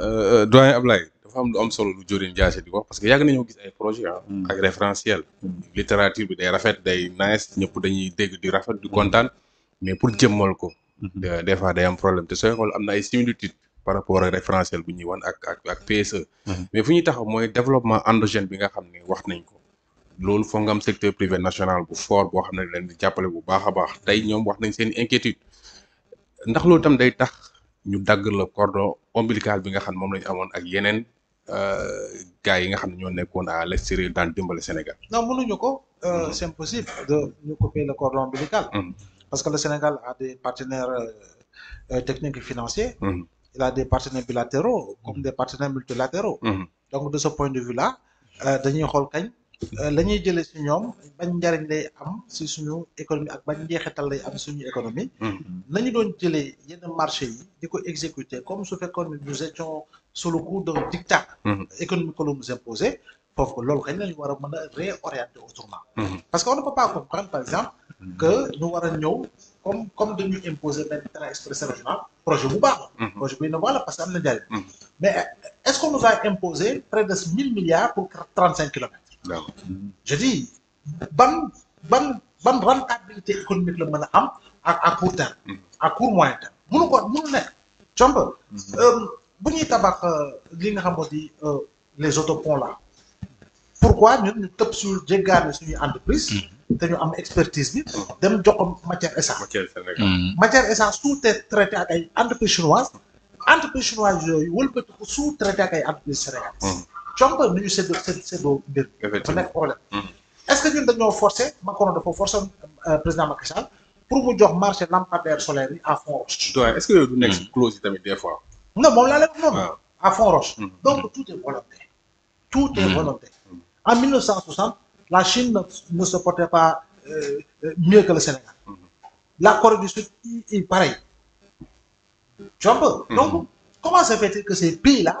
Euh, euh, doyen Ablaye dafa am lu solo lu Diorine Diassé di wax parce que yàgg nañoo gis ay projet ah. Hmm. ak référentiel. Hmm. littérature bi day rafet day nice ñëpp dañuy dégg di rafet di kontaan hmm. mais pour jëmmal ko. des fois day am problème te sooy xool am na ay similitudes par rapport ak référentiel bu ñuy wan ak ak ak PSE. mais fu ñuy taxaw mooy développement endogène bi nga xam ne wax nañ ko. loolu foog nga secteur privé national bu fort boo xam ne leen di jàppale bu baax a baax tey ñoom wax nañ seen inquiétude ndax loolu tam day tax. ñu dagg la cordon ombilical bi nga xam moom la ñu amoon ak yeneen euh, gars yi nga xam ne ñoo nekkoon à l'extérieur daal dimbali Sénégal. non mënuñu ko. Euh, mm-hmm. c'est impossible de ñu couper le cordon ombilical. Mm-hmm. parce que le Sénégal a des partenaires euh, techniques et financiers. Mm-hmm. il a des partenaires bilatéraux comme des partenaires multilatéraux. donc de ce point de vue là dañuy xool kañ. Euh, la ñuy jëlee si ñoom bañ njariñ lay am si suñu économie ak bañ njeexital lay am suñu économie hmm. nañu doon jëlee yenn marché yi di ko exécuter comme su fekkoon ne nous étions sous le coup d'un diktat hmm. économique que l'on nous imposait foofu loolu kañ lañu war a mën a réorienter hmm. parce que on ne peut pas comprendre par exemple que ñu war a ñëw comme comme dañu imposer benn projet bu baax la projet bu innovant la parce que am na njariñ mais est-ce qu'on nous a imposé près de mille milliards pour trente je dis ban ban ban rentabilité économique la mën a am à à court terme. Mm. à court moyen mu mënu ko mënu nekk comp mm. euh, bu ñuy tabax euh, li nga xam ni euh, les autoponts là pourquoi ñun ñu tëb suñu jéggaane suñuy entreprise mm. te ñu am expertise bi dem jox ko matière essence matière essence sous-traité ak ay entreprise chinoise entreprise chinoise yooyu wëlbati ko sous-traité ak ay entreprise sénégalaise compa nu ñu problème. Hmm. est-ce que ñun dañoo forcer euh, président Macky pour mu marché lampadaire solaire à fond roche. est-ce que du nekk hmm. clause yi tamit non moom laa ah. à fond roche. Hmm. donc tout est volonté. en la Chine ne se pas euh, euh, mieux que le Sénégal. la Corée du Sud il pareil. tu vois donc comment se fait-il que ces pays-là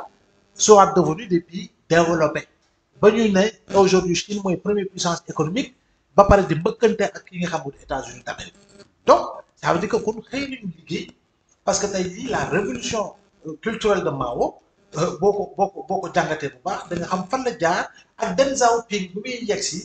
soient devenus des pays. développé ba ñuy ne aujourd'hui Chine mooy première puissance économique ba pare di mbëkkante ak ki nga xamul États-Unis d'Amérique donc ça veut dire que kon xëy nañu liggéey parce que tey jii la révolution euh, culturelle de Mao euh, boo ko boo ko boo ko jàngatee bu baax da xam fan la jaar ak Deng Xiaoping bu muy yegg si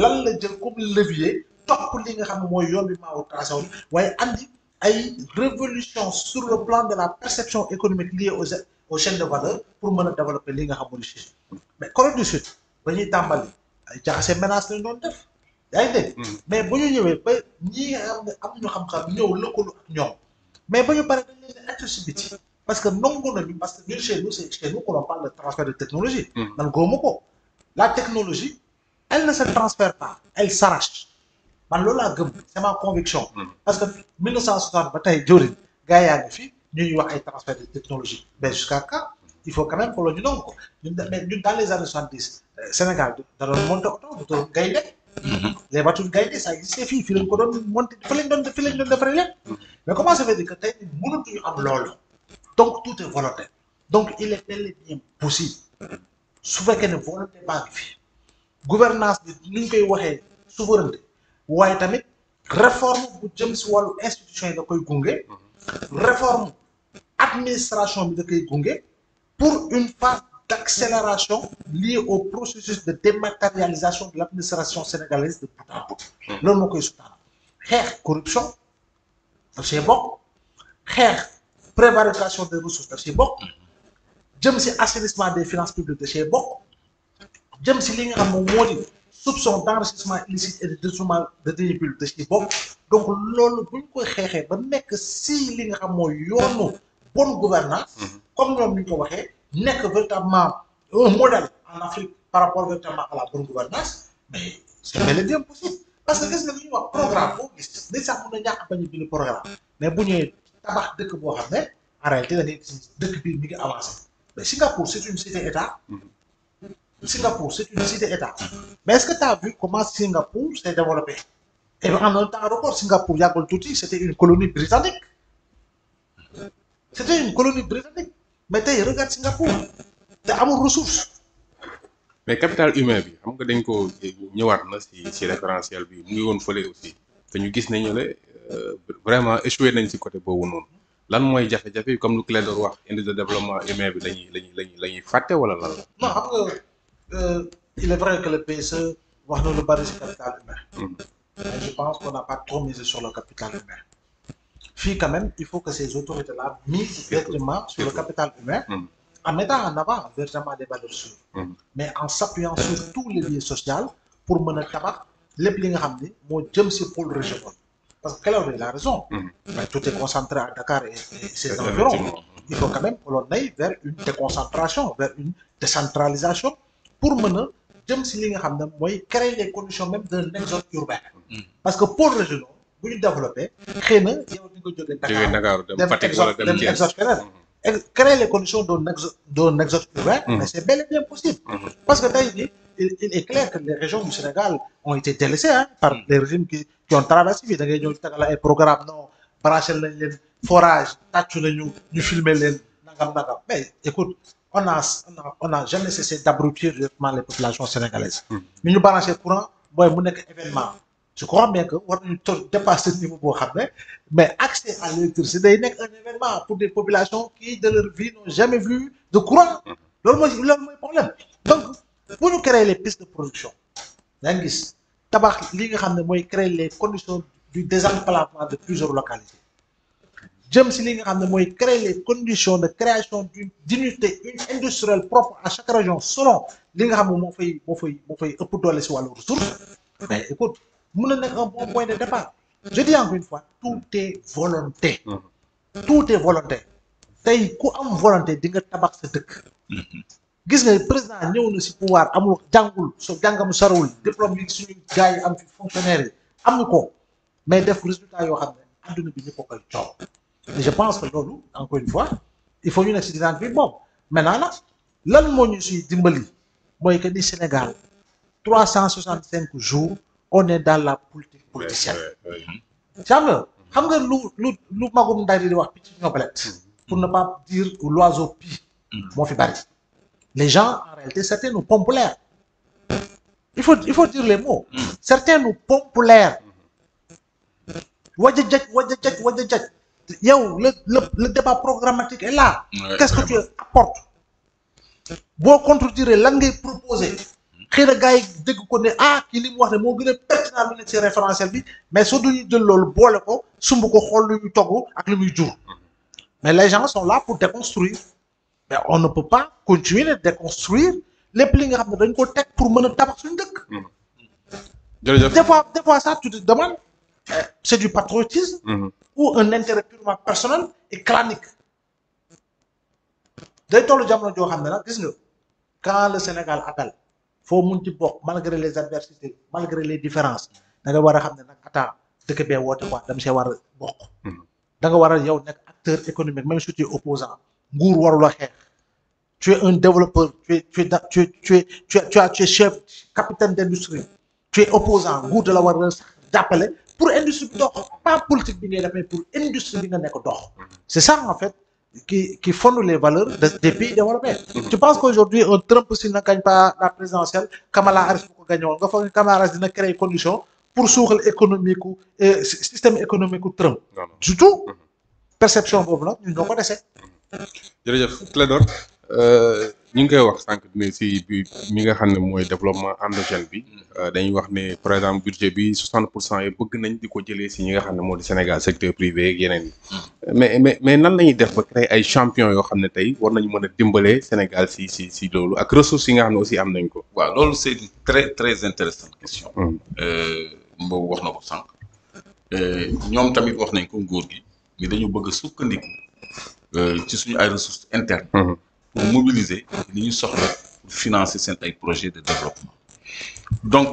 lan la jël comme levier topp li nga xam ne mooy yoon bi Mao tracé waaye andi ay révolution sur le plan de la perception économique liée aux aux chaînes de valeur pour mën a développer li nga xam mooy Chine mais Corée du Sud ba ñuy tàmbali ay menace lañ doon def yaa ngi mm. mais bu ñu ñëwee ba ñi nga xam xam-xam ñëw lëkkalu ak ñoom mais ba ñu pare dañ leen si biti parce que nangu nañu parce que ñun chez nous c'est chez nous qu'on parle de transfert de technologie. Mm. man góobu ko la technologie elle ne se transfère pas elle s'arrache man loolu laa gëm c'est ma conviction. Mm. parce que 1960 ba tey jëriñ gars yaa ngi fi. ñuy wax ay transfert de technologie mais jusqu'à quand il faut quand même que ñu nangu ko ñun mais ñun dans les années soixante dix euh, Sénégal da doon monté oto bu doon mhm. fii ko doon monté fa lañ doon fi lañ doon defaree mhm. mais comment ça veut dire que tey mënatuñu am loolu donc tout est volontaire donc il est bel bien possible su fekkee ne volonté baa ngi fi gouvernance bi ni ñu koy waxee souveraineté waaye tamit réforme bu jëm si wàllu institution yi da koy gunge mhm. réforme administration bi da koy gunge pour une phase d' accélération liée au processus de dématérialisation de l' administration sénégalaise de bout en bout loolu moo koy sutaana xeex corruption daf see bokk xeex prévarication des ressources daf see bokk si assainissement des finances publiques de see bokk si li nga xam moom moo di soupçon d' enrichissement illicite et de détournement de deniers publics daf see donc loolu bu ñu koy xeexee ba nekk si li nga xam mooy yoonu bonne gouvernance mhm. comme ñoom ni ñu ko waxee nekk véritablement un modèle en Afrique par rapport véritablement à la bonne gouvernance mais c'est bel et bien possible parce que gis nga li wax programme boo gis dañ sax mën a ñàkk bañ a programme mais bu ñëwee tabax dëkk boo xam ne en réalité dañuy dëkk bi mi ngi avancé mais Singapour c'est une cité état mhm. Singapour c'est une cité état mais est-ce que tu as vu comment Singapour s'est développé et en un temps record c'était une colonie britannique mais tey regarde Singapour te amul ressource. mais capital humain bi xam nga dañ ko ñëwaat na si si référentiel bi mu ngi woon fële aussi te ñu gis nañu ne euh, vraiment échoué nañ si côté boobu noonu lan mooy jafe-jafe yi comme lu Clédor wax indice de développement humain bi lañuy lañuy lañuy la ñuy fàtte wala lan la. non xam nga euh, il est le e wax na lu mm-hmm. trop misé sur le capital humain. fii quand même il faut que ces autorités-là misent directement sur le capital humain mm. en mettant en avant véritablement des valeurs sûres mm. mais en s'appuyant sur tous les liens sociaux pour mën a tabax lépp li nga xam ni moo jëm si pôle régional parce que Clédor il a raison mm. mais tout est concentré à Dakar et ses environs il faut quand même que l'on aille vers une déconcentration vers une décentralisation pour mën a jëm si li nga xam ne mooy créer les conditions même d'un bu ñu développé. xëy na yow créer les conditions d'un exode d'un exode mm-hmm. mais c'est bel et bien possible. Mm-hmm. parce que tey jii il est clair que les régions du Sénégal ont été délaissées hein par mm-hmm. les régimes qui qui ont traversé fii da ngay ñëw tegal ay programme non branché nañ leen forage tàccu nañu ñu filmer leen nangam nangam mais écoute. on a on n'a jamais cessé d'abrutir les populations sénégalaises. ni ñu branché courant booy mu nekk événement je crois bien que war nañu to dépasser niveau boo xam ne mais accès à l'électricité day nekk un événement pour des populations qui de leur vie n'ont jamais vu de courant loolu mooy loolu mooy problème donc bu ñu créer les pistes de production yaa ngi gis tabax li nga xam ne mooy créer les conditions du désenclavement de plusieurs localités jëm si li nga xam ne mooy créer les conditions de création d'une d'unité une industrielle propre à chaque région selon li nga xam ne moo fay moo fay moo fay ëpp doole si wàllu écoute mun na nekk un bon point de départ je dis encore une fois tout est volonté mm-hmm. tout est volonté tey ku am volonté di nga tabax sa dëkk mm-hmm. gis nga président ñëw na si pouvoir amul jàngul so jàngam sarawul diplôme yi suñu gars am fi fonctionnaire yi am ko mais def résultat yoo xam ne adduna bi ñu ko koy je pense que loolu encore une fois il faut ñu nekk si dinaan bi boobu maintenant nag lan moo ñu suy dimbali mooy que ni Sénégal trois cent soixante cinq jours on est dans la politique politicienne. Mhm. xam nga xam nga lu lu lu magum nday di wax picc ñobelet mhm. pour ne pas dire l'oiseau pie mhm. moo fi bari les gens en réalité certains nous pompent l'air il faut il faut dire les mots certains nous pompent l'air waja jaj waja le débat programmatique est là qu'est-ce que tu apportes boo contredire lan ngay proposer xëy na gars yi dégg ko ne ah kii li mu wax ne moo gën a pertinent lu nekk ci référentiel bi mais soo duñu jël loolu boole ko sumb ko xool lu ñu togg ak lu muy jur mais les gens sont là pour déconstruire mais on ne peut pas continuer de déconstruire lépp li nga xam ne dañ ko teg pour mën a tabax suñu dëkk. jërëjëf des fois des fois ça tu te demandes eh, c'est du patriotisme. Mhm. ou un intérêt purement personnel et clanique. day toll jamono joo xam ne nag gis nga quand le Sénégal appelle. foo mun ci bokk malgré les adversités malgré les différences da nga war a xam ne nag attends dëkk bee woote quoi dama see war a bokk. Hmm. da nga war a yow nekk acteur économique même si tu es opposant nguur warula xeex. tu es un développeur tu es tu es tu es tu es tu es tu es tu chef capitaine d'industrie tu es opposant nguur da la war a jàppale pour industrie bi dox pas politique bi ngay def pour industrie bi nga nekk dox hmm. c'est ça en fait. ki qui fondent les valeurs de, des pays développés. Mm -hmm. Tu penses qu'aujourd'hui, un Trump, s'il ne gagne pas présidentielle, Kamala Harris peut gagner. Il faut que Kamala Harris crée les conditions pour sourire économique, et euh, système économique Trump. Non, non. Du tout. Perception, nous n'avons pas d'essai. Jërëjëf, ñu ngi koy wax sànq ne si bi mi nga xam ne mooy développement endogène bi mm. euh, dañu wax ne par exemple budget bi 60 pour cent yi bëgg nañ di ko jëlee si ñi nga xam ne moo di Sénégal secteur privé yeneen yi. Mm. mais mais mais nan la ñuy def ba créer ay champion yoo xam ne tey war nañu mën a dimbalee Sénégal si si si loolu ak ressources yi nga xam ne aussi am nañ ko. waa loolu c'est une très très intéressante question. Mm. Euh, mboobu wax na ko sànq. Euh, ñoom tamit wax nañ ko nguur gi. mais dañu bëgg a sukkandiku. ci suñu ay ressources internes. Mm-hmm. pour mobiliser li ñu soxla pour financer seen ay projets de développement donc